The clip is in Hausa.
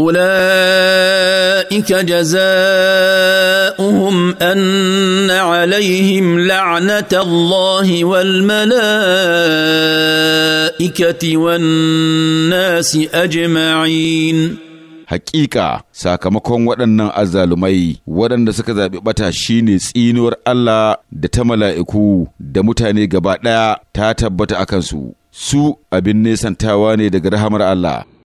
اولئك جزاؤهم ان عليهم لعنه الله والملائكه والناس اجمعين hakika sakamakon waɗannan azzalumai waɗanda suka zaɓi ɓata shine tsinuwar Allah da ta mala'iku da mutane gaba ɗaya ta tabbata a kansu, su abin nesantawa ne daga rahamar Allah.